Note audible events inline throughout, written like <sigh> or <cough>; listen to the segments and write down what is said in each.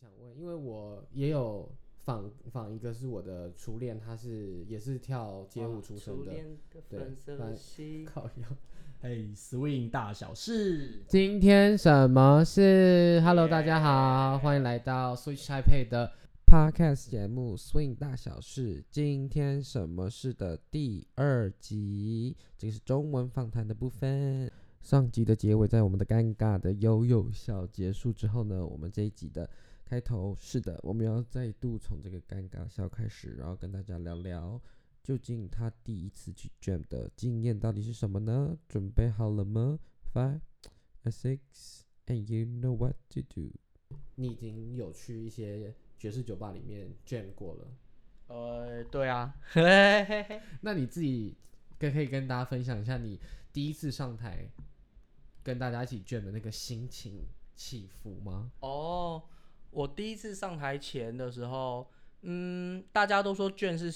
想問，因為我也有訪訪一個是我的初戀，他是也是跳街舞出身的。對，嘿、欸、Swing 大小事，今天什麼事？Hello，yeah, 大家好，yeah. 歡迎來到 Switch 台北的 Podcast 節目《Swing 大小事》，今天什麼事的第二集，這個是中文訪談的部分。嗯、上集的結尾在我們的尷尬的悠悠笑結束之後呢，我們這一集的。開頭是的，我們要再度從這個尷尬笑開始，然後跟大家聊聊，究竟他第一次去 jam 的經驗到底是什麼呢？準備好了嗎？Five six and you know what to do。你已經有去一些爵士酒吧裡面 jam 過了，呃，對啊，嘿嘿。那你自己可以可以跟大家分享一下你第一次上台跟大家一起 jam 的那個心情起伏嗎？哦。Oh. 我第一次上台前的時候，嗯，大家都說卷是，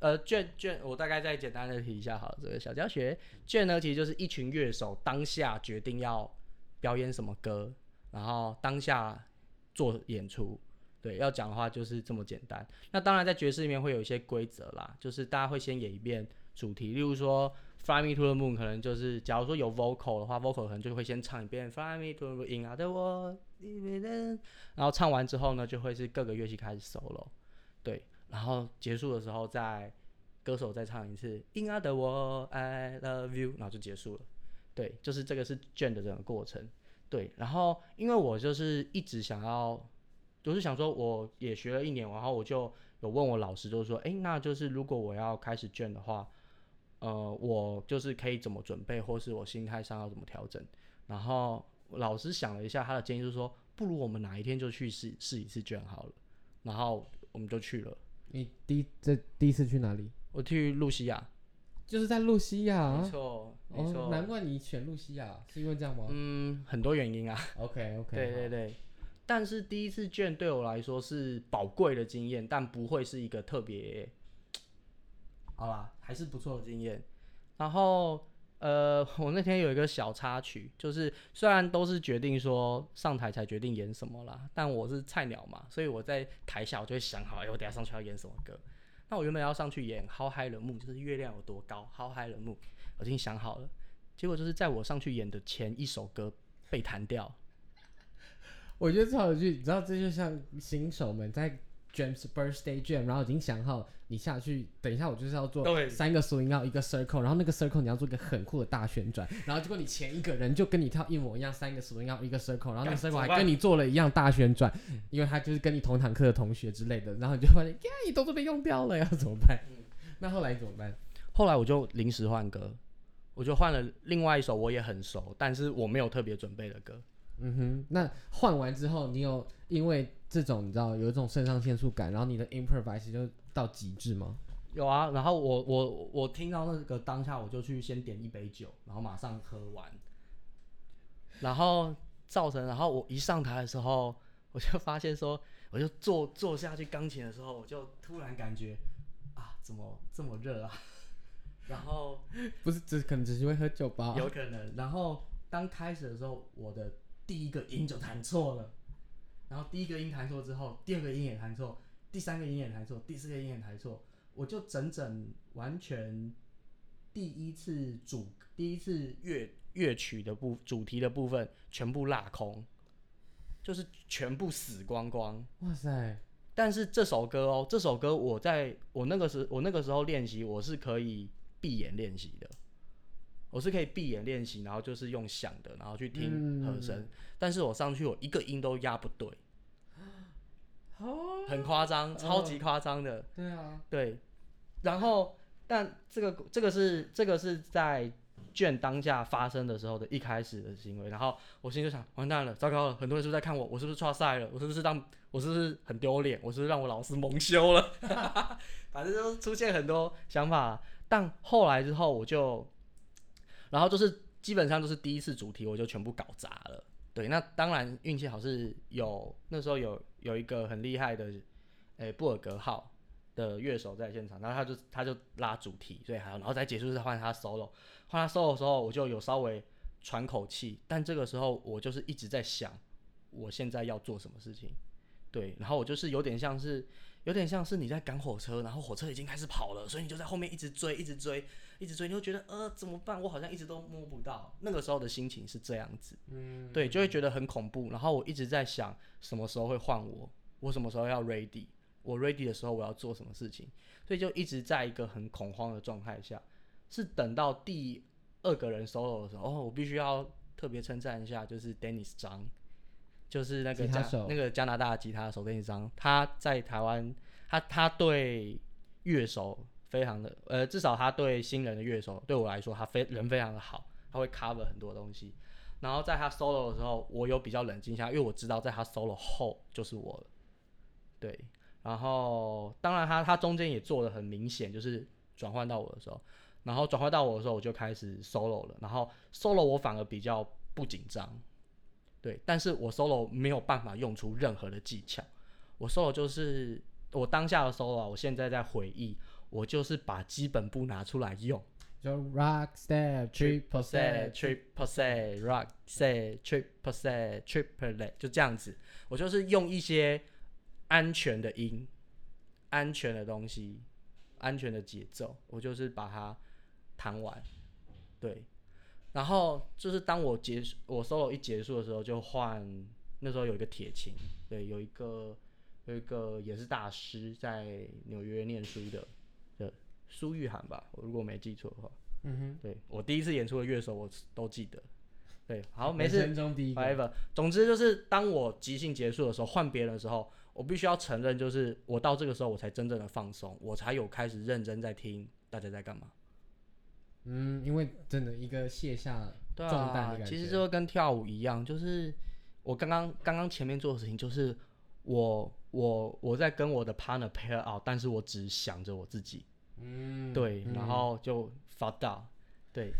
呃，卷卷。我大概再簡單的提一下，好了，這個小教學卷呢，其實就是一群樂手當下決定要表演什麼歌，然後當下做演出。對，要講的話就是這麼簡單。那當然，在爵士裡面會有一些規則啦，就是大家會先演一遍主題，例如說。Fly me to the moon，可能就是假如說有 vocal 的話 <music> ，vocal 可能就會先唱一遍。Fly me to the moon, in other words，然後唱完之後呢，就會是各個樂器開始 solo。對，然後結束的時候再，再歌手再唱一次。In other words, I love you，然後就結束了。對，就是這個是 jam 的整個過程。對，然後因為我就是一直想要，就是想說我也學了一年，然後我就有問我老師，就是說，誒、欸，那就是如果我要開始 jam 的話。呃，我就是可以怎麼準備，或是我心態上要怎麼調整。然後老師想了一下，他的建議就是說，不如我們哪一天就去試試一次捲好了。然後我們就去了。你第一這第一次去哪裡？我去露西亞，就是在露西亞。沒錯，沒錯。難怪你選露西亞，是因為這樣嗎？嗯，很多原因啊。OK，OK。對對對，好。但是第一次捲對我來說是寶貴的經驗，但不會是一個特別。好啦，還是不錯的經驗。然後，呃，我那天有一個小插曲，就是雖然都是決定說上台才決定演什麼啦，但我是菜鳥嘛，所以我在台下我就會想好，哎、欸，我等下上去要演什麼歌。那我原本要上去演《How High the Moon》，就是月亮有多高，《How High the Moon》，我已經想好了。結果就是在我上去演的前一首歌被彈掉。我覺得這好有趣，你知道，這就像新手們在 James s birthday 卷，然後已經想好你下去，等一下，我就是要做三個 swing out，一個 circle，Okay. 然後那個 circle 你要做一個很酷的大旋轉，然後結果你前一個人就跟你跳一模一樣，三個 swing out，一個 circle，然後那個 circle 還跟你做了一樣大旋轉，Okay. 因為他就是跟你同堂課的同學之類的，嗯、然後你就發現，嗯、耶，你動作被用掉了，要怎麼辦？嗯、那後來怎麼辦？後來我就臨時換歌，我就換了另外一首我也很熟，但是我沒有特別準備的歌。嗯哼，那換完之後，你有因為這種你知道有一種腎上腺素感，然後你的 improviser 就。到極致嗎？有啊，然後我我我聽到那個當下，我就去先點一杯酒，然後馬上喝完，然後造成，然後我一上台的時候，我就發現說，我就坐坐下去鋼琴的時候，我就突然感覺啊，怎麼這麼熱啊？然後不是只可能只是因為喝酒吧？有可能。然後當開始的時候，我的第一個音就彈錯了，然後第一個音彈錯之後，第二個音也彈錯。第三個音也彈錯，第四個音也彈錯，我就整整完全第一次主第一次樂樂曲的部主題的部分全部落空，就是全部死光光。哇塞！但是這首歌哦，這首歌我在我那個時我那個時候練習我是可以閉眼練習的，我是可以閉眼練習，然後就是用想的，然後去聽和聲。嗯、但是我上去我一個音都壓不對。哦，oh, 很誇張，oh. 超級誇張的。對啊，對。然後，但這個這個是這個是在卷當下發生的時候的一開始的行為。然後我心裡就想，完蛋了，糟糕了，很多人是不是在看我，我是不是錯賽了？我是不是讓，我是不是很丟臉？我是不是讓我老師蒙羞了？ <laughs> <laughs> 反正就出現很多想法。但後來之後，我就，然後就是基本上就是第一次主題，我就全部搞砸了。對，那當然運氣好是有，那時候有。有一個很厲害的，誒、欸，布爾格號的樂手在現場，然後他就他就拉主題，所以還有，然後在結束時換他 solo，換他 solo 的時候，我就有稍微喘口氣，但這個時候我就是一直在想，我現在要做什麼事情，對，然後我就是有點像是，有點像是你在趕火車，然後火車已經開始跑了，所以你就在後面一直追，一直追。一直追，你會覺得呃怎麼辦？我好像一直都摸不到。那個時候的心情是這樣子，嗯，對，就會覺得很恐怖。然後我一直在想什麼時候會換我？我什麼時候要 ready？我 ready 的時候我要做什麼事情？所以就一直在一個很恐慌的狀態下。是等到第二個人 solo 的時候，哦，我必須要特別稱讚一下，就是 Dennis Zhang，就是那個他那個加拿大吉他手 Dennis Zhang，他在台灣，他他對樂手。非常的，呃，至少他對新人的樂手，對我來說，他非人非常的好，他會 cover 很多東西。然後在他 solo 的時候，我有比較冷靜下，因為我知道在他 solo 後就是我了。對，然後當然他他中間也做得很明顯，就是轉換到我的時候，然後轉換到我的時候，我就開始 solo 了。然後 solo 我反而比較不緊張，對，但是我 solo 沒有辦法用出任何的技巧，我 solo 就是我當下的 solo 啊，我現在在回憶。我就是把基本步拿出來用，就 rock step triple step triple step rock step triple step triplet tri 就這樣子，我就是用一些安全的音、安全的東西、安全的節奏，我就是把它彈完，對。然後就是當我結束我 solo 一結束的時候就，就換，那時候有一個鐵琴，對，有一個有一個也是大師在紐約唸書的。蘇玉涵吧，我如果沒記錯的話。嗯哼，對，我第一次演出的樂手，我都記得。對，好，沒事。反正 right, but, 總之就是，當我即興結束的時候，換別人的時候，我必須要承認，就是我到這個時候，我才真正的放鬆，我才有開始認真在聽大家在幹嘛。嗯，因為真的一個卸下重擔的感覺，對啊，其實就跟跳舞一樣，就是我剛剛剛剛前面做的事情，就是我我我在跟我的 partner pair out，但是我只想着我自己。嗯，對，嗯、然後就發到，對，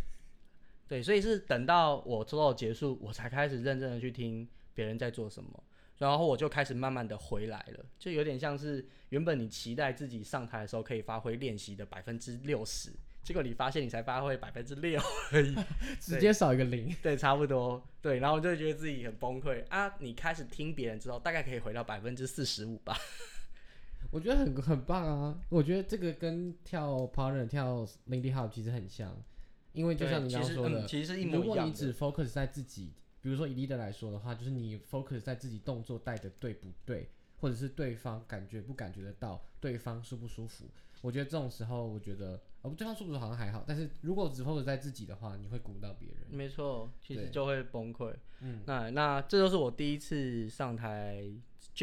對，所以是等到我之後結束，我才開始認真的去聽別人在做什麼，然後我就開始慢慢的回來了，就有點像是原本你期待自己上台的時候可以發揮練習的百分之六十，結果你發現你才發揮百分之六而已， <laughs> 直接少一個零，對，對，差不多，對，然後我就覺得自己很崩潰啊，你開始聽別人之後，大概可以回到百分之四十五吧。我覺得很很棒啊！我覺得這個跟跳 partner 跳 Lindy Hop 其實很像，因為就像你剛剛說的，其實、嗯、其實是一模一樣的。如果你只 focus 在自己，比如說以 leader 來說的話，就是你 focus 在自己動作帶的對不對，或者是對方感覺不感覺得到對方舒不舒服。我覺得這種時候，我覺得哦，對方舒不舒服好像還好，但是如果只 focus 在自己的話，你會鼓舞到別人。沒錯，其實就會崩潰。對嗯，那那這就是我第一次上台，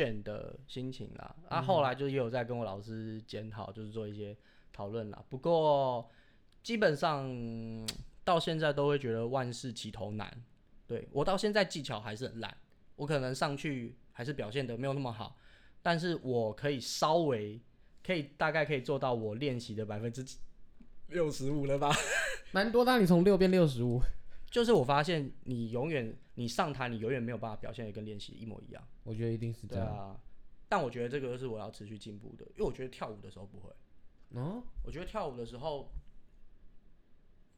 倦的心情啦，嗯、啊，後來就也有在跟我老師檢討，就是做一些討論啦。不過基本上到現在都會覺得萬事起頭難，對，我到現在技巧還是很爛，我可能上去還是表現得沒有那麼好，但是我可以稍微可以大概可以做到我練習的百分之六十五了吧，蠻多大你從六變六十五。就是我發現你永遠你上台你永遠沒有辦法表現得跟練習一模一樣，我覺得一定是這樣。啊，但我覺得這個是我要持續進步的，因為我覺得跳舞的時候不會。哦，我覺得跳舞的時候，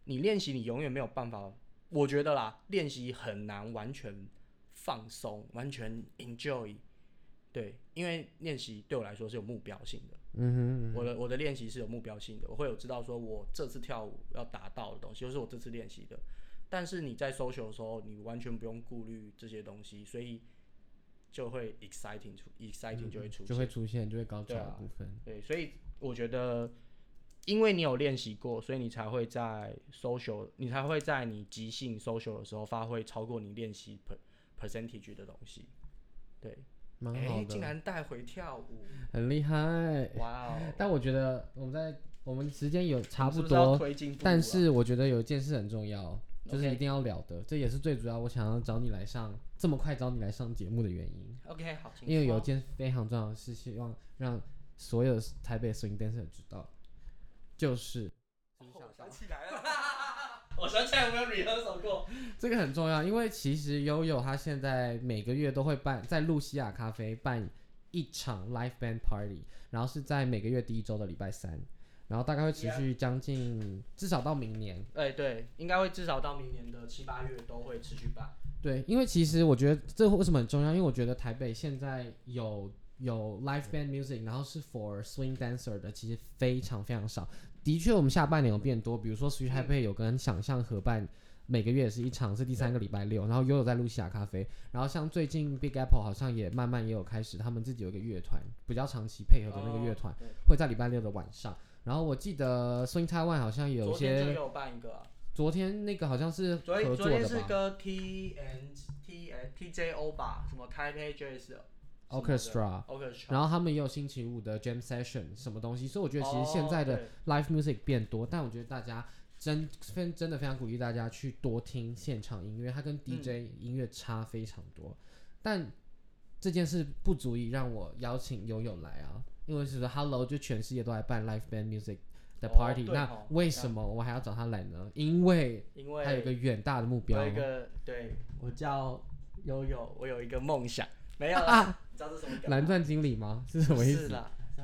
你練習你永遠沒有辦法，我覺得啦，練習很難完全放鬆，完全 enjoy。對，因為練習對我來說是有目標性的。嗯哼，嗯哼，我的我的練習是有目標性的，我會有知道說我這次跳舞要達到的東西，就是我這次練習的。但是你在 social 的時候，你完全不用顧慮這些東西，所以就會 exciting 出 exciting 就會出就會出現、嗯、就會出現就會高潮的部分，對、啊。對，所以我覺得，因為你有練習過，所以你才會在 social，你才會在你即興 social 的時候發揮超過你練習 per percentage 的東西。對，蠻好的、欸、竟然帶回跳舞，很厲害，哇 Wow！但我覺得我們在我們時間有差不多，但是我覺得有一件事很重要。就是一定要聊的，Okay. 這也是最主要我想要找你來上這麼快找你來上節目的原因。OK，好、啊，因為有一件非常重要的事，是希望讓所有的台北 swing dancer 知道，就是。 <laughs> 我想起來了，我想起來有沒有 rehearsal 過，這個很重要，因為其實 Yoyo 他現在每個月都會辦在露西亞咖啡辦一場 live band party，然後是在每個月第一周的禮拜三。然後大概會持續將近，至少到明年。哎，對，應該會至少到明年的七八月都會持續辦。對，因為其實我覺得這為什麼很重要？因為我覺得台北現在有有 live band music，然後是 for swing dancer 的，其實非常非常少。的確，我們下半年有變多，比如說 Sweet Happy 有跟想象合辦，每個月是一場，是第三個禮拜六。然後又有在露西亞咖啡。然後像最近 Big Apple 好像也慢慢也有開始，他們自己有一個樂團，比較長期配合的那個樂團，會在禮拜六的晚上對。然後我記得 Swing Taiwan 好像有一些昨天，就有辦一個啊，昨天那個好像是合作的吧？昨天是跟 TNT TJO 吧，什麼 Type J s Orchestra，, Orchestra 然後他們也有星期五的 Jam Session 什麼東西，所以我覺得其實現在的 Live Music 變多，oh, 對但我覺得大家真真真的非常鼓勵大家去多聽現場音樂，它跟 DJ 音樂差非常多，嗯、但這件事不足以讓我邀請 Yoyo 來啊。因為是 Hello 就全世界都來辦 live band music 的 party、哦啊。哦，那為什麼我還要找他來呢？因為因為他有一個遠大的目標。有一個，對，我叫 Yoyo，我有一個夢想，沒有啊？你知道是什麼？藍鑽經理嗎？是，是什麼意思？是啦，啊，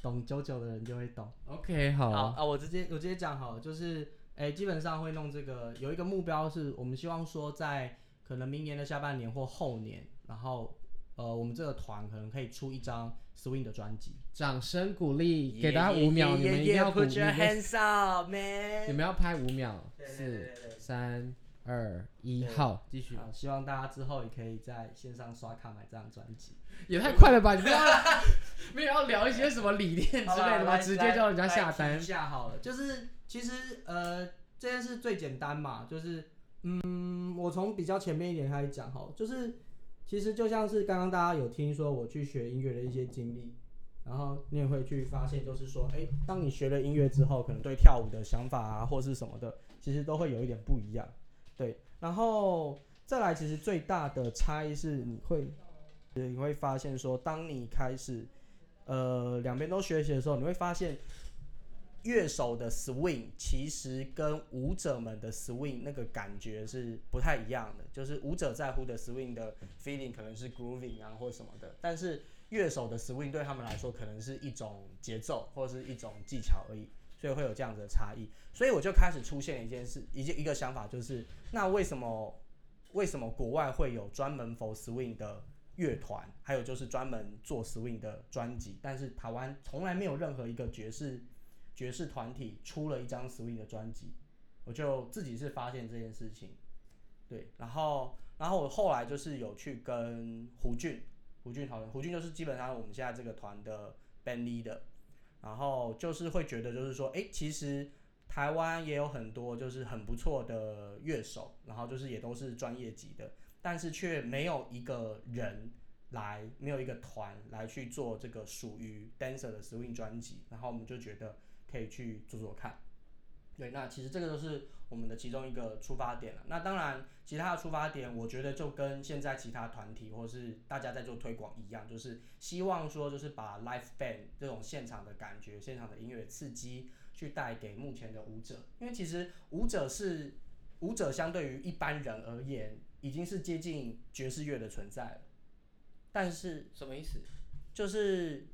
懂 Jojo 的人就會懂。OK，好，啊。好啊，我直接我直接講好了，就是誒、欸，基本上會弄這個，有一個目標是我們希望說在可能明年的下半年或後年，然後。呃，我們這個團可能可以出一張《Swing》的專輯，掌聲鼓勵，給大家五秒，你們一定要 Put your hands up，Man！你們要拍五秒，四、三、二、一，好，繼續。希望大家之後也可以在線上刷卡買這張專輯，也太快了吧？你這樣沒有要聊一些什麼理念之類的嗎？直接叫人家下單下好了。就是其實呃，這件事最簡單嘛，就是嗯，我從比較前面一點開始講哈，就是。其實就像是剛剛大家有聽說我去學音樂的一些經歷，然後你也會去發現，就是說，誒、欸，當你學了音樂之後，可能對跳舞的想法啊，或是什麼的，其實都會有一點不一樣，對。然後再來，其實最大的差異是，你會，你會發現說，當你開始，呃，兩邊都學習的時候，你會發現。樂手的 swing 其實跟舞者們的 swing 那個感覺是不太一樣的，就是舞者在乎的 swing 的 feeling 可能是 grooving 啊或者什麼的，但是樂手的 swing 對他們來說可能是一種節奏或者是一種技巧而已，所以會有這樣子的差異。所以我就開始出現一件事，一件一個想法，就是那為什麼為什麼國外會有專門 for swing 的樂團，還有就是專門做 swing 的專輯，但是台灣從來沒有任何一個爵士。爵士團體出了一張 Swing 的專輯，我就自己是發現這件事情，對，然後，然後我後來就是有去跟胡俊胡俊討論，胡俊就是基本上我們現在這個團的 band leader，然後就是會覺得就是說，誒，其實台灣也有很多就是很不錯的樂手，然後就是也都是專業級的，但是卻沒有一個人來，沒有一個團來去做這個屬於 Dancer 的 Swing 專輯，然後我們就覺得。可以去做做看，對，那其實這個就是我們的其中一個出發點了。那當然，其他的出發點，我覺得就跟現在其他團體或是大家在做推廣一樣，就是希望說，就是把 live band 這種現場的感覺、現場的音樂刺激，去帶給目前的舞者。因為其實舞者是舞者，相對於一般人而言，已經是接近爵士樂的存在了。但是、就是、什麼意思？就是。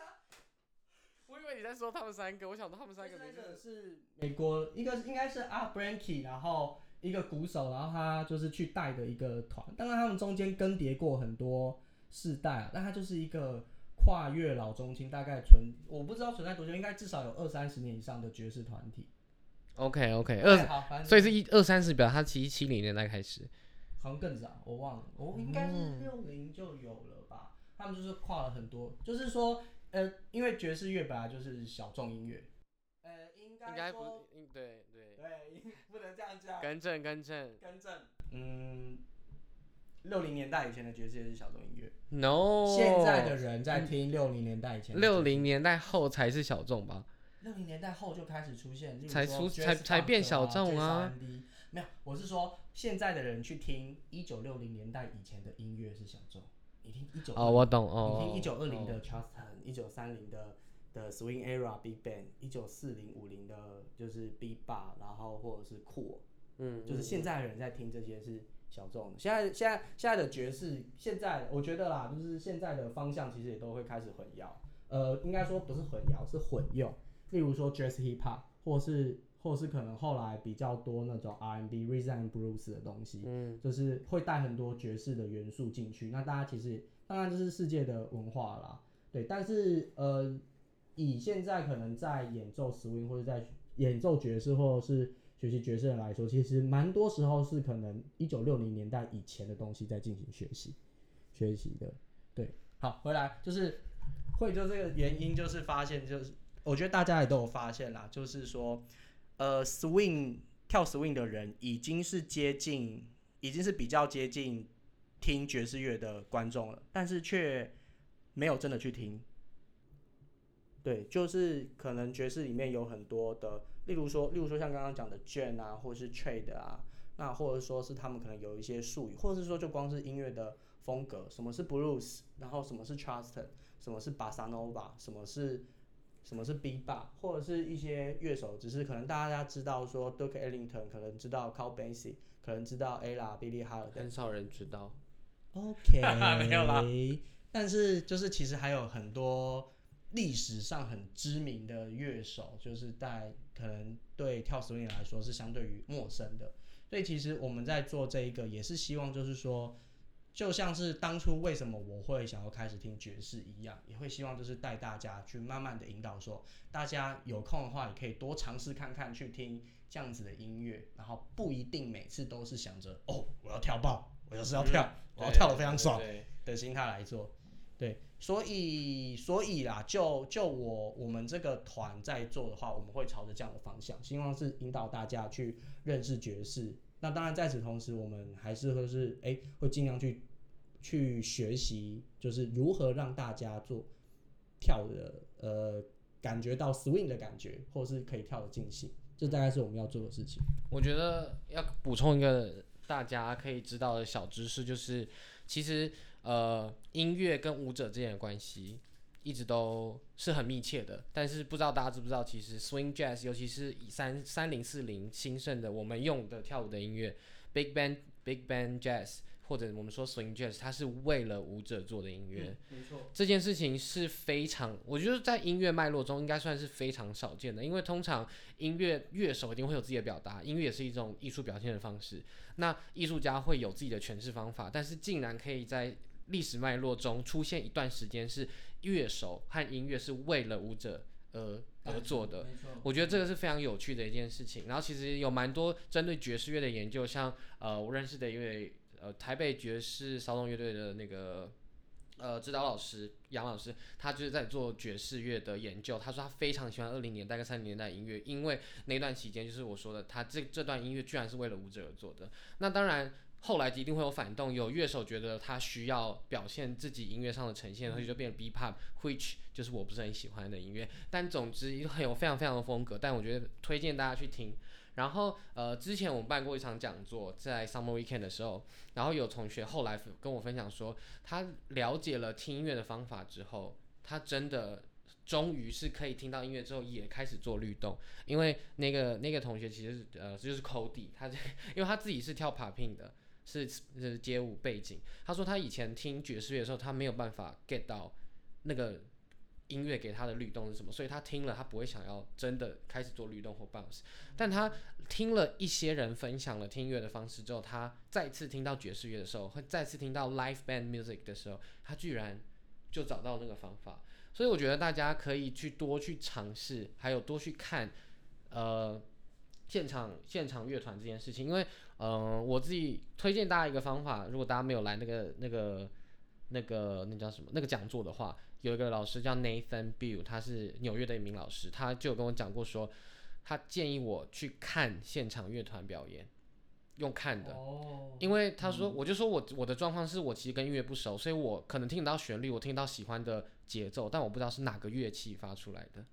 我以為你在說他們三個，我想說他們三個。那個是美國，一個應該是啊 Art Blakey 然後一個鼓手，然後他就是去帶的一個團。當然，他們中間更迭過很多世代，但他就是一個跨越老中青，大概存我不知道存在多久，應該至少有二三十年以上的爵士團體。OK OK，二 OK，二三十，二三十，所以是二三十，表他其實七零年代開始，好像更早，我忘了，我，哦，嗯，應該是六零就有了吧。他們就是跨了很多，就是說。呃，因為爵士樂本來就是小眾音樂。呃，應該不，對對對， <laughs> 不能這樣講。更正更正更正。嗯，六零年代以前的爵士樂是小眾音樂。No。現在的人在聽六零年代以前，六零、嗯、年代後才是小眾吧？六零年代後就開始出現，才出才才變小眾啊。D, 啊沒有，我是說現在的人去聽一九六零年代以前的音樂是小眾。你聽一九，哦，我懂哦。你聽一九二零的 Charleston、一九三零的的 Swing Era Big Band、一九四零五零的，Band, 1940, 的就是 Bebop 然後或者是酷，cool，嗯，就是現在的人在聽這些是小眾的。嗯、現在、嗯、現在現在的爵士，現在我覺得啦，就是現在的方向其實也都會開始混搖，呃，應該說不是混搖，是混用，例如說 Jazz Hip Hop，或是。或是可能後來比較多那種 R&B、Rhythm and Blues 的東西，嗯，就是會帶很多爵士的元素進去。那大家其實當然這是世界的文化啦，對。但是呃，以現在可能在演奏 swing 或者在演奏爵士或者是學習爵士的人來說，其實蠻多時候是可能一九六零年代以前的東西在進行學習學習的。對，好，回來就是會就這個原因，就是發現就是我覺得大家也都有發現啦，就是說。呃，swing 跳 swing 的人已經是接近，已經是比較接近聽爵士樂的觀眾了，但是卻沒有真的去聽。對，就是可能爵士裡面有很多的，例如說，例如說像剛剛講的 j a n 啊，或者是 trad 啊，那或者說是他們可能有一些術語，或者是說就光是音樂的風格，什麼是 blues，然後什麼是 t r u s t n 什麼是 bossa nova，什麼是。什麼是 Bebop，或者是一些樂手？只是可能大家知道說 Duke Ellington，可能知道 Count Basie，可能知道 Ella、Billie Holiday，很少人知道。OK， <laughs> 沒有啦。但是就是其實還有很多歷史上很知名的樂手，就是在可能對跳 Swing 的人來說是相對於陌生的。所以其實我們在做這一個也是希望就是說。就像是當初為什麼我會想要開始聽爵士一樣，也會希望就是帶大家去慢慢的引導說，說大家有空的話也可以多嘗試看看去聽這樣子的音樂，然後不一定每次都是想着哦，我要跳爆，我就是要跳，嗯、我要跳得非常爽對對對對對的心態來做。對，所以所以啦，就就我我們這個團在做的話，我們會朝着這樣的方向，希望是引導大家去認識爵士。那當然，在此同時，我們還是會是哎，會盡量去去學習，就是如何讓大家做跳的呃，感覺到 swing 的感覺，或是可以跳的盡興，這大概是我們要做的事情。我覺得要補充一個大家可以知道的小知識，就是其實呃，音樂跟舞者之間的關係。一直都是很密切的，但是不知道大家知不知道，其實 swing jazz，尤其是三三零四零興盛的，我們用的跳舞的音樂，big band big band jazz，或者我們說 swing jazz，它是為了舞者做的音樂。嗯。沒錯，這件事情是非常，我覺得在音樂脈絡中應該算是非常少見的，因為通常音樂樂手一定會有自己的表達，音樂也是一種藝術表現的方式，那藝術家會有自己的詮釋方法，但是竟然可以在。歷史脈絡中出現一段時間是樂手和音樂是為了舞者而而做的，我覺得這個是非常有趣的一件事情。然後其實有蠻多針對爵士樂的研究，像呃我認識的一位呃台北爵士騷動樂隊的那個呃指導老師楊老師，他就是在做爵士樂的研究。他說他非常喜歡二零年代跟三零年代音樂，因為那段期間就是我說的，他這這段音樂居然是為了舞者而做的。那當然。後來一定會有反動，有樂手覺得他需要表現自己音樂上的呈現，嗯、所以就變成 Bebop，which 就是我不是很喜歡的音樂。但總之很有非常非常的風格，但我覺得推薦大家去聽。然後呃，之前我們辦過一場講座，在 Summer Weekend 的時候，然後有同學後來跟我分享說，他了解了聽音樂的方法之後，他真的終於是可以聽到音樂之後也開始做律動，因為那個那個同學其實是呃，這就是 Cody，他因為他自己是跳 Popping 的。是是街舞背景。他說他以前聽爵士樂的時候，他沒有辦法 get 到那個音樂給他的律動是什麼，所以他聽了他不會想要真的開始做律動或 bounce。但他聽了一些人分享了聽音樂的方式之後，他再次聽到爵士樂的時候，會再次聽到 live band music 的時候，他居然就找到那個方法。所以我覺得大家可以去多去嘗試，還有多去看，呃。現場現場樂團這件事情，因為，嗯、呃，我自己推薦大家一個方法。如果大家沒有來那個那個那個那叫什麼那個講座的話，有一個老師叫 Nathan Bill，他是紐約的一名老師，他就有跟我講過說，他建議我去看現場樂團表演，用看的。Oh, 因為他說，嗯、我就說我我的狀況是我其實跟音樂不熟，所以我可能聽得到旋律，我聽得到喜歡的節奏，但我不知道是哪個樂器發出來的。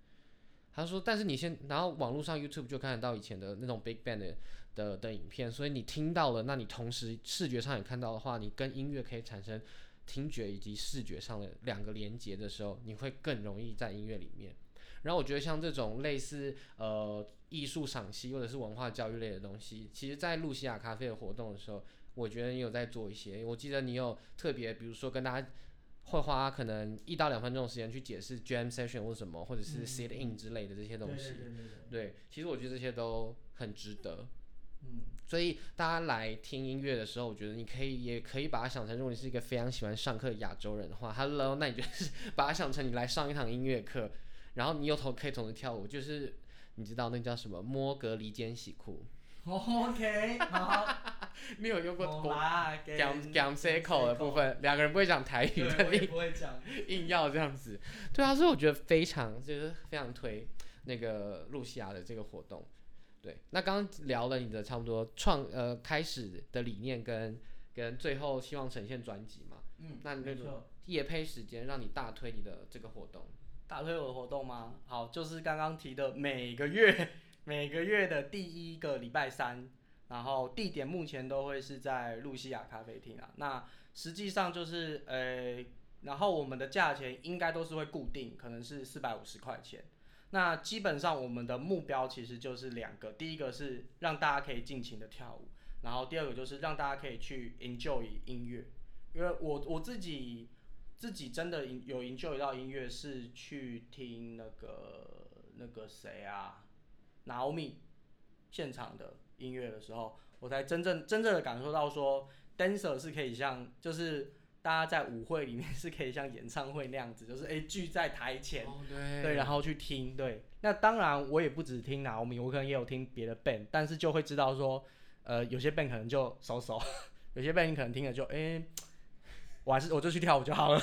他說：“但是你先，然後網絡上 YouTube 就看得到以前的那種 Big Band 的的的影片，所以你聽到了，那你同時視覺上也看到的話，你跟音樂可以產生聽覺以及視覺上的兩個連接的時候，你會更容易在音樂裡面。然後我覺得像這種類似呃藝術賞析或者是文化教育類的東西，其實，在露西亞咖啡的活動的時候，我覺得你有在做一些。我記得你有特別，比如說跟大家。”會花可能一到兩分鐘的時間去解釋 jam session 或什麼，或者是 sit in、嗯、之類的這些東西。對，對，對，對，對，其實我覺得這些都很值得。嗯，所以大家來聽音樂的時候，我覺得你可以也可以把它想成，如果你是一個非常喜歡上課的亞洲人的話，Hello，那你就是把它想成你來上一堂音樂課，然後你又頭可以同時跳舞，就是你知道那叫什麼，摸蛤仔兼洗褲。 <music> OK，好，沒 <laughs> 有用過講講 circle 的部分，兩個人不會講台語的不會講，硬要 <laughs> 這樣子，對啊，所以我覺得非常就是非常推那個露西亞的這個活動，對，那剛剛聊了你的差不多創呃開始的理念跟跟最後希望呈現專輯嘛，嗯，那沒錯，業配時間讓你大推你的這個活動，大推我的活動嗎？好，就是剛剛提的每個月。每個月的第一個禮拜三，然後地點目前都會是在露西亞咖啡廳啊。那實際上就是誒、欸，然後我們的價錢應該都是會固定，可能是四百五十塊錢。那基本上我們的目標其實就是兩個，第一個是讓大家可以盡情的跳舞，然後第二個就是讓大家可以去 enjoy 音樂，因為我我自己自己真的有 enjoy 到音樂是去聽那個那個誰啊。Naomi 現場的音樂的時候，我才真正真正的感受到說，dancer 是可以像，就是大家在舞會裡面是可以像演唱會那樣子，就是誒、欸、聚在台前，oh, 對,對，然後去聽，對。那當然我也不只聽 Naomi，我可能也有聽別的 band，但是就會知道說，呃，有些 band 可能就熟熟，有些 band 你可能聽了就誒、欸，我還是我就去跳舞就好了，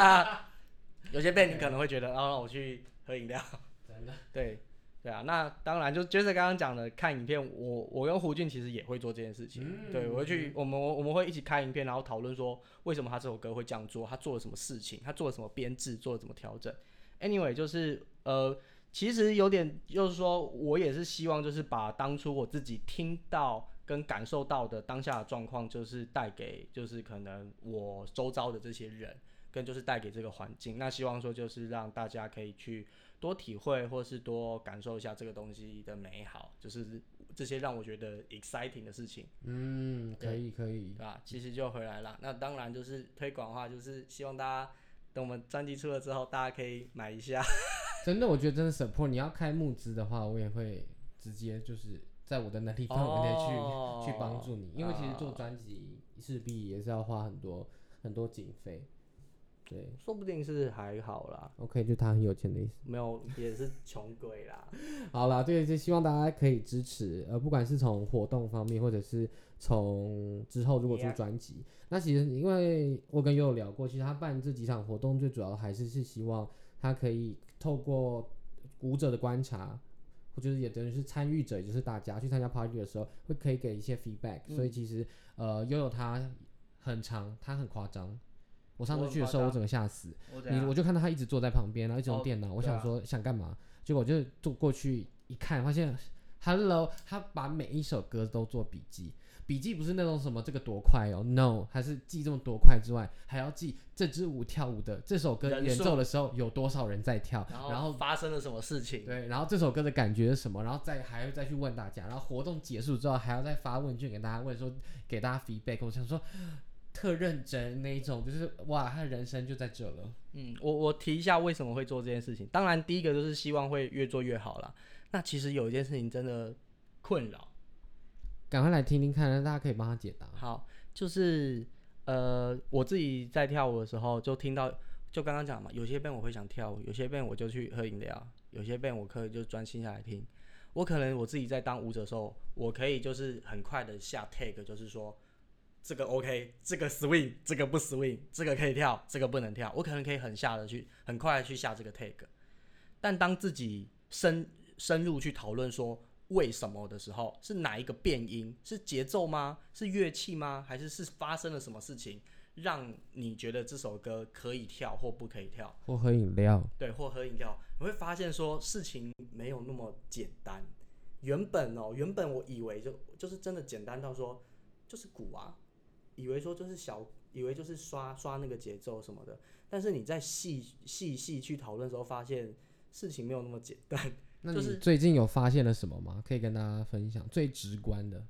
<laughs> <laughs> 有些 band 你可能會覺得啊、 <laughs> 哦，我去喝飲料，真的，對。對啊，那當然就傑森剛剛講的看影片，我我跟胡俊其實也會做這件事情。嗯、對，我會去我們我們會一起看影片，然後討論說為什麼他這首歌會這樣做，他做了什麼事情，他做了什麼編製，做了怎麼調整。Anyway，就是呃，其實有點就是說我也是希望就是把當初我自己聽到跟感受到的當下的狀況，就是帶給就是可能我周遭的這些人。更就是帶給這個環境，那希望說就是讓大家可以去多體會或是多感受一下這個東西的美好，就是這些讓我覺得 exciting 的事情。嗯，可以對可以，對吧、啊？其實就回來了。那當然就是推廣的話，就是希望大家等我們專輯出了之後，大家可以買一下。 <laughs> 真的，我覺得真的 support。你要開募資的話，我也會直接就是在我的能力範圍內去、oh, 去幫助你，因為其實做專輯勢必也是要花很多很多經費。對，說不定是還好啦。OK，就他很有錢的意思，沒有也是窮鬼啦。 <laughs> 好啦，對，就希望大家可以支持，呃，不管是從活動方面，或者是從之後如果出專輯，Yeah. 那其實因為我跟 Yoyo 聊過，其實他辦這幾場活動最主要還是是希望他可以透過舞者的觀察，或者、就是、也等於是參與者，就是大家去參加 party 的時候，會可以給一些 feedback。嗯、所以其實呃，Yoyo 他很長，他很誇張。我上次去的時候我我，我怎麼嚇死？你我就看到他一直坐在旁邊，然後一直用電腦。Oh, 我想說想幹嘛？啊、結果我就坐過去一看，發現，Hello，他把每一首歌都做筆記。筆記不是那種什麼這個多快哦，No，還是記這麼多快之外，還要記這支舞跳舞的這首歌演奏的時候有多少人在跳，人數，然後然後發生了什麼事情？對，然後這首歌的感覺是什麼？然後再還要再去問大家，然後活動結束之後還要再發問卷給大家問，或者說給大家 feedback。我想說。特認真那一種，就是哇，他的人生就在這了。嗯，我我提一下為什麼會做這件事情。當然，第一個就是希望會越做越好啦。那其實有一件事情真的困擾，趕快來聽聽看，大家可以幫他解答。好，就是呃，我自己在跳舞的時候就聽到，就剛剛講嘛，有些 band 我會想跳舞，有些 band 我就去喝飲料，有些 band 我可以就專心下來聽。我可能我自己在當舞者的時候，我可以就是很快的下 take，就是說。這個 OK，這個 swing，這個不 swing，這個可以跳，這個不能跳。我可能可以很下得去，很快的去下這個 take。但當自己深深入去討論說為什麼的時候，是哪一個變音？是節奏嗎？是樂器嗎？還是是發生了什麼事情讓你覺得這首歌可以跳或不可以跳？或喝飲料？對，或喝飲料，你會發現說事情沒有那麼簡單。原本哦，原本我以為就就是真的簡單到說就是鼓啊。以為說就是小，以為就是刷刷那個節奏什麼的，但是你在細細細去討論的時候，發現事情沒有那麼簡單。那你最近有發現了什麼嗎？可以跟大家分享最直觀的。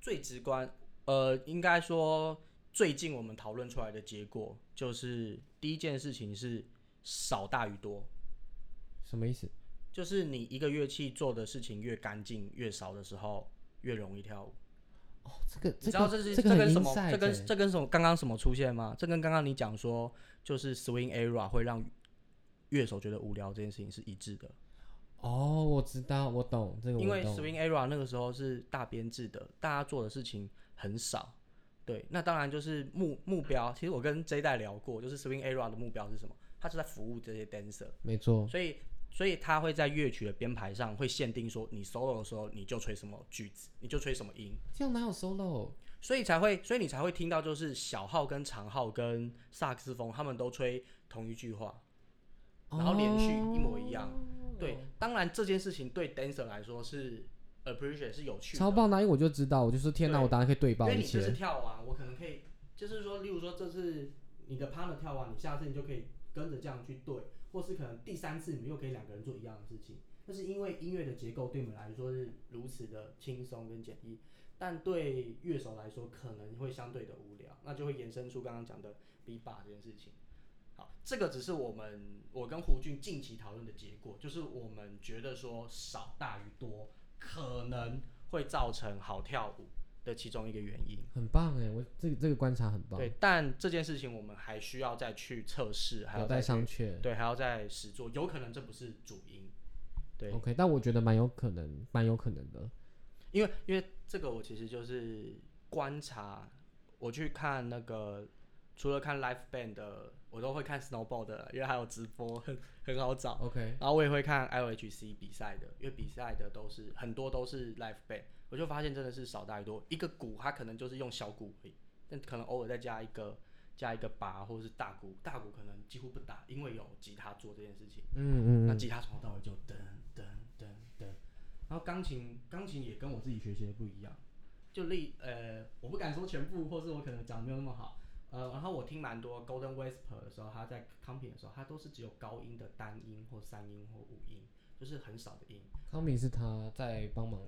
最直觀，呃，應該說最近我們討論出來的結果，就是第一件事情是少大於多。什麼意思？就是你一個樂器做的事情越乾淨越少的時候，越容易跳舞。哦，這個你知道這是這跟、個、什麼？這跟這跟什麼？剛剛、欸、什,什麼出現嗎？這跟剛剛你講說，就是 Swing Era 會讓樂手覺得無聊這件事情是一致的。哦，我知道，我懂這個我懂。因為 Swing Era 那個時候是大編制的，大家做的事情很少。對，那當然就是目目標。其實我跟這一代聊過，就是 Swing Era 的目標是什麼？他是在服務這些 dancer。沒錯。所以。所以他會在樂曲的編排上會限定說，你 solo 的時候你就吹什麼句子，你就吹什麼音。這樣哪有 solo？所以才會，所以你才會聽到，就是小號跟長號跟薩克斯風他們都吹同一句話，然後連續一模一樣。Oh、對，當然這件事情對 dancer 來說是 appreciation 是有趣的。超棒，那因為我就知道，我就說天哪，對我當然可以對報，因為你其實跳完，我可能可以，就是說，例如說這次你的 partner 跳完，你下次你就可以跟着這樣去對。或是可能第三次你們又可以兩個人做一樣的事情，那是因為音樂的結構對你們來說是如此的輕鬆跟簡易，但對樂手來說可能會相對的無聊，那就會延伸出剛剛講的 bebop 這件事情。好，這個只是我們我跟胡俊近期討論的結果，就是我們覺得說少大於多，可能會造成好跳舞的其中一個原因。很棒哎，我這這個觀察很棒。對，但這件事情我們還需要再去測試，還要再去商榷，對，還要再實做，有可能這不是主因。對，OK，但我覺得蠻有可能，蠻有可能的，因為因為這個我其實就是觀察，我去看那個。除了看 live band 的，我都會看 Snowball 的，因為還有直播很很好找。OK，然後我也會看 LHC 比賽的，因為比賽的都是很多都是 live band，我就發現真的是少大於多。一個鼓它可能就是用小鼓而已，但可能偶爾再加一個加一個鈸或者是大鼓，大鼓可能幾乎不打，因為有吉他做這件事情。嗯嗯,嗯那吉他從頭到尾就噔噔噔噔。然後鋼琴鋼琴也跟我自己學習的不一樣，就例呃，我不敢說全部，或是我可能講的沒有那麼好。呃，然後我聽蠻多 Gordon Webster 的時候，他在 Comping 的時候，他都是只有高音的單音或三音或五音，就是很少的音。Comping 是他在幫忙，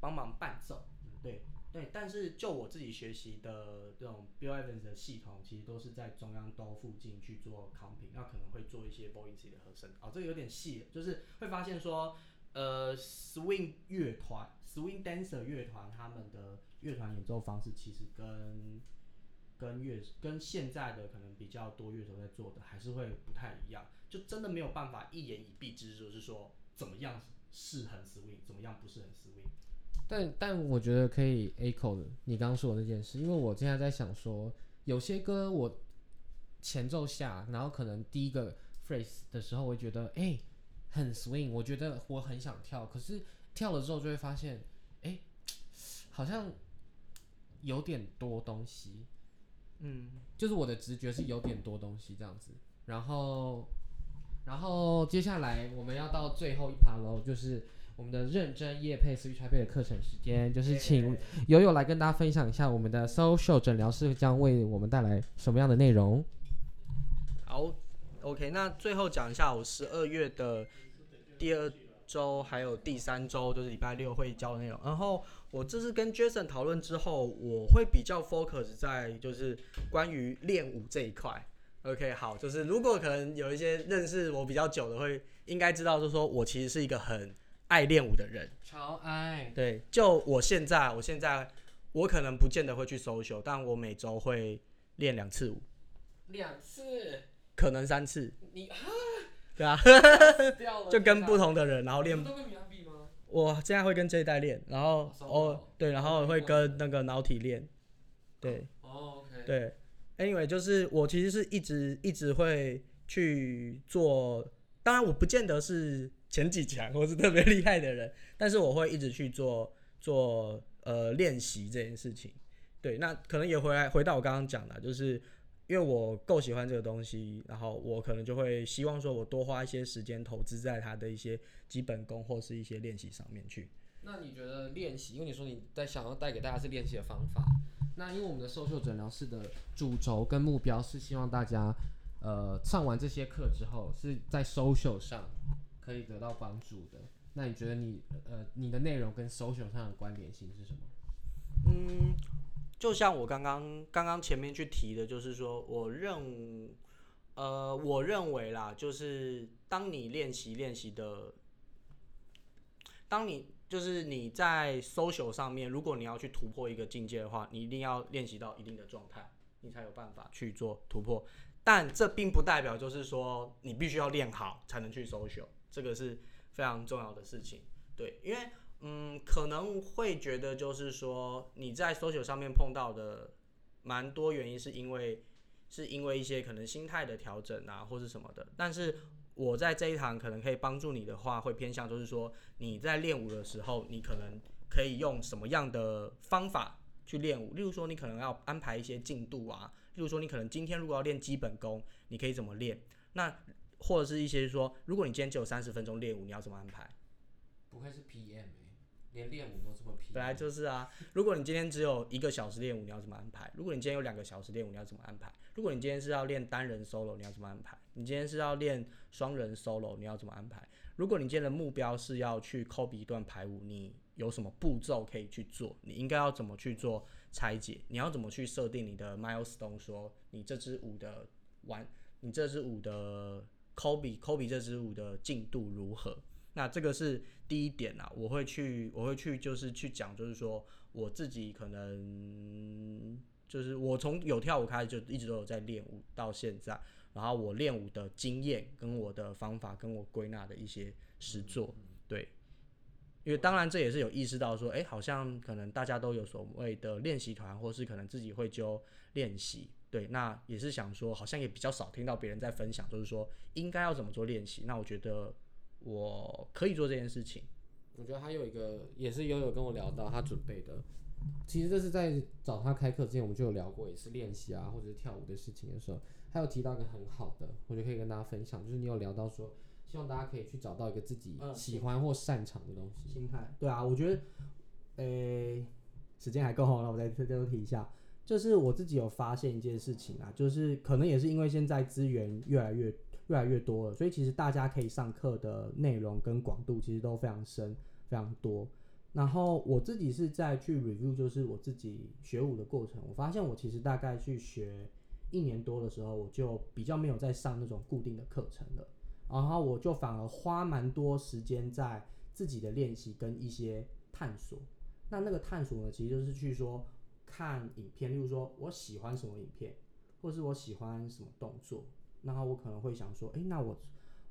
幫忙、嗯、幫忙伴奏，嗯、對對。但是就我自己學習的這種 Bill Evans 的系統，其實都是在中央 Do 附近去做 Comping，那可能會做一些 voicing 的和聲哦，這個有點細，就是會發現說，呃，Swing 樂團，Swing Dancer 樂團他們的樂團演奏方式其實跟跟樂跟現在的可能比較多樂手在做的還是會不太一樣，就真的沒有辦法一言以蔽之，就是說怎麼樣是很 swing，怎麼樣不是很 swing。但但我覺得可以 echo 的，你剛剛說的那件事，因為我現在在想說，有些歌我前奏下，然後可能第一個 phrase 的時候，我會覺得欸，很 swing，我覺得我很想跳，可是跳了之後就會發現，欸，好像有點多東西。嗯，就是我的直覺是有點多東西這樣子，然後，然後接下來我們要到最後一趴嘍，就是我們的認真業配，Switch Taipei 的課程時間，嗯、就是請 Yoyo 來跟大家分享一下我們的 social 診療室將為我們帶來什麼樣的內容。好，OK，那最後講一下我十二月的第二。周還有第三周就是禮拜六會教的內容，然後我這次跟 Jason 討論之後，我會比較 focus 在就是關於練舞這一塊。OK，好，就是如果可能有一些認識我比較久的會應該知道，就是說我其實是一個很愛練舞的人，超愛。對，就我現在，我現在我可能不見得會去 social，但我每周會練兩次舞，兩次，可能三次。你。對啊， <laughs> 就跟不同的人，啊、然後練。我現在會跟這一代練，然後到哦，對，然後會跟那個腦體練，哦、對。哦、okay、對，Anyway，就是我其實是一直一直會去做，當然我不見得是前幾強，或是特別厲害的人，但是我會一直去做做呃練習這件事情。對，那可能也回來回到我剛剛講的，就是。因為我夠喜歡這個東西，然後我可能就會希望說，我多花一些時間投資在它的一些基本功或是一些練習上面去。那你覺得練習？因為你說你在想要帶給大家是練習的方法。那因為我們的 Swing 診療室的主軸跟目標是希望大家，呃，上完這些課之後是在 Swing 上可以得到幫助的。那你覺得你呃你的內容跟 Swing 上的關聯性是什麼？嗯。就像我剛剛剛剛前面去提的，就是說，我認為，呃，我認為啦，就是當你練習練習的，當你就是你在 social 上面，如果你要去突破一個境界的話，你一定要練習到一定的狀態，你才有辦法去做突破。但這並不代表就是說你必須要練好才能去 social，這個是非常重要的事情。對，因為。嗯，可能會覺得就是說你在 social 上面碰到的蠻多原因，是因為是因為一些可能心態的調整啊，或是什麼的。但是我在這一堂可能可以幫助你的話，會偏向就是說你在練舞的時候，你可能可以用什麼樣的方法去練舞？例如說，你可能要安排一些進度啊，例如說，你可能今天如果要練基本功，你可以怎麼練？那或者是一些是說，如果你今天只有三十分鐘練舞，你要怎麼安排？不會是 PM。連練舞都這麼拼，本來就是啊。如果你今天只有一個小時練舞，你要怎麼安排？如果你今天有兩個小時練舞，你要怎麼安排？如果你今天是要練單人 solo，你要怎麼安排？你今天是要練雙人 solo，你要怎麼安排？如果你今天的目標是要去 copy 一段排舞，你有什麼步驟可以去做？你應該要怎麼去做拆解？你要怎麼去設定你的 milestone？說你這支舞的完，你這支舞的 copy copy 這支舞的進度如何？那這個是第一點啦、啊，我會去，我會去，就是去講，就是說我自己可能就是我從有跳舞開始就一直都有在練舞到現在，然後我練舞的經驗跟我的方法跟我歸納的一些實作，嗯嗯對，因為當然這也是有意識到說，哎、欸，好像可能大家都有所謂的練習團，或是可能自己會就練習，對，那也是想說，好像也比較少聽到別人在分享，就是說應該要怎麼做練習，那我覺得。我可以做這件事情。我覺得還有一個，也是 Yoyo 跟我聊到他準備的。其實這是在找他開課之前，我們就有聊過，也是練習啊，或者是跳舞的事情的時候，他有提到一個很好的，我就可以跟大家分享，就是你有聊到說，希望大家可以去找到一個自己喜歡或擅長的東西、嗯。心態，對啊，我覺得，呃、欸，時間還夠好了，我再、再再多提一下，就是我自己有發現一件事情啊，就是可能也是因為現在資源越來越。越來越多了，所以其實大家可以上課的內容跟廣度其實都非常深、非常多。然後我自己是在去 review，就是我自己學舞的過程，我發現我其實大概去學一年多的時候，我就比較沒有在上那種固定的課程了，然後我就反而花蠻多時間在自己的練習跟一些探索。那那個探索呢，其實就是去說看影片，例如說我喜歡什麼影片，或者是我喜歡什麼動作。那我可能會想說，哎、欸，那我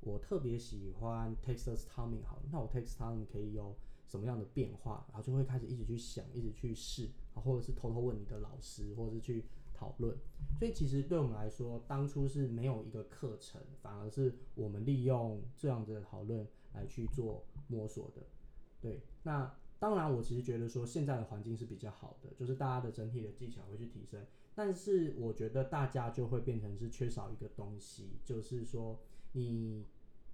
我特別喜歡 Texas Tommy 好了，那我 Texas Tommy 可以有什麼樣的變化？然後就會開始一直去想，一直去試，或者是偷偷問你的老師，或者是去討論。所以其實對我們來說，當初是沒有一個課程，反而是我們利用這樣子的討論來去做摸索的。對，那當然，我其實覺得說現在的環境是比較好的，就是大家的整體的技巧會去提升。但是我覺得大家就會變成是缺少一個東西，就是說你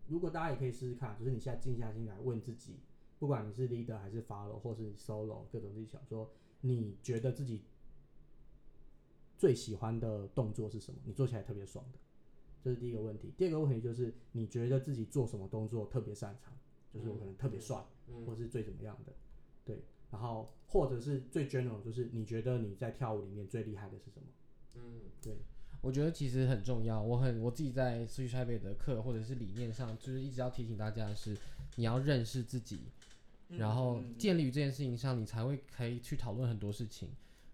如果大家也可以試試看，就是你現在靜下心來問自己，不管你是 leader 還是 follow 或是 solo，各種技巧，說你覺得自己最喜歡的動作是什麼？你做起來特別爽的，這是第一個問題。第二個問題就是你覺得自己做什麼動作特別擅長，就是我可能特別帥，或是最怎麼樣的，對。然後或者是最 general，就是你覺得你在跳舞裡面最厲害的是什麼？嗯，對，我覺得其實很重要。我很我自己在 Switch Taipei 的課或者是理念上，就是一直要提醒大家的是你要認識自己，然後建立於這件事情上，你才會可以去討論很多事情。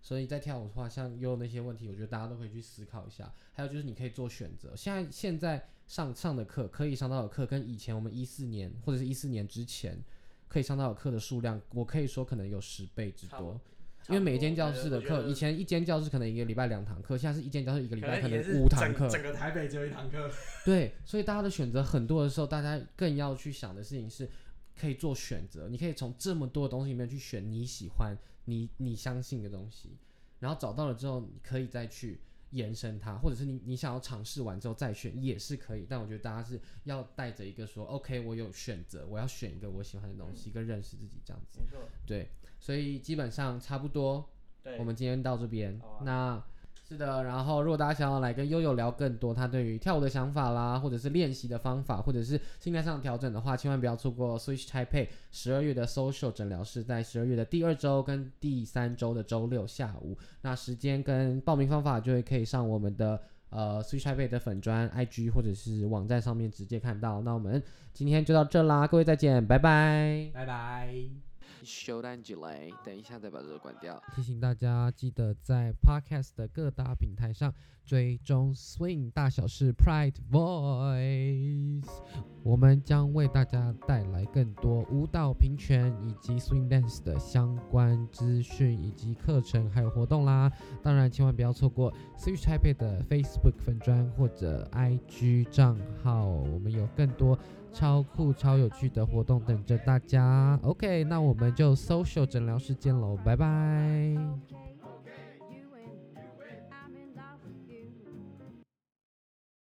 所以在跳舞的話，像有那些問題，我覺得大家都可以去思考一下。還有就是你可以做選擇。現在現在上上的課，可以上到的課跟以前我們一四年或者是一四年之前。可以上到的課的數量，我可以說可能有十倍之多，因為每一間教室的課，以前一間教室可能一個禮拜兩堂課，現在是一間教室一個禮拜可能五堂課，整個台北只有一堂課。對，所以大家的選擇很多的時候，大家更要去想的事情是，可以做選擇，你可以從這麼多的東西裡面去選你喜歡、你你相信的東西，然後找到了之後，你可以再去。延伸它，或者是你你想要嘗試完之後再選也是可以，但我覺得大家是要帶着一個說，OK，我有選擇，我要選一個我喜歡的東西，跟認識自己這樣子。錯對，所以基本上差不多。我們今天到這邊，對那。是的，然後如果大家想要來跟 Yoyo 聊更多他對於跳舞的想法啦，或者是練習的方法，或者是心態上的調整的話，千萬不要錯過 Switch Taipei 十二月的 Social 診療室，在十二月的第二周跟第三周的周六下午，那時間跟報名方法就會可以上我們的呃 Switch Taipei 的粉專、IG 或者是網站上面直接看到。那我們今天就到這啦，各位再見，拜拜，拜拜。休單起來，delay, 等一下再把這個關掉。提醒大家記得在 Podcast 的各大平台上追蹤 Swing 大小事 Pride Voice，我們將為大家帶來更多舞蹈平權以及 Swing Dance 的相關資訊以及課程還有活動啦。當然千萬不要錯過 Switch Taipei 的 Facebook 粉專或者 IG 賬號，我們有更多。超酷、超有趣的活動等着大家。OK，那我們就 social 診療時間嘍，拜拜。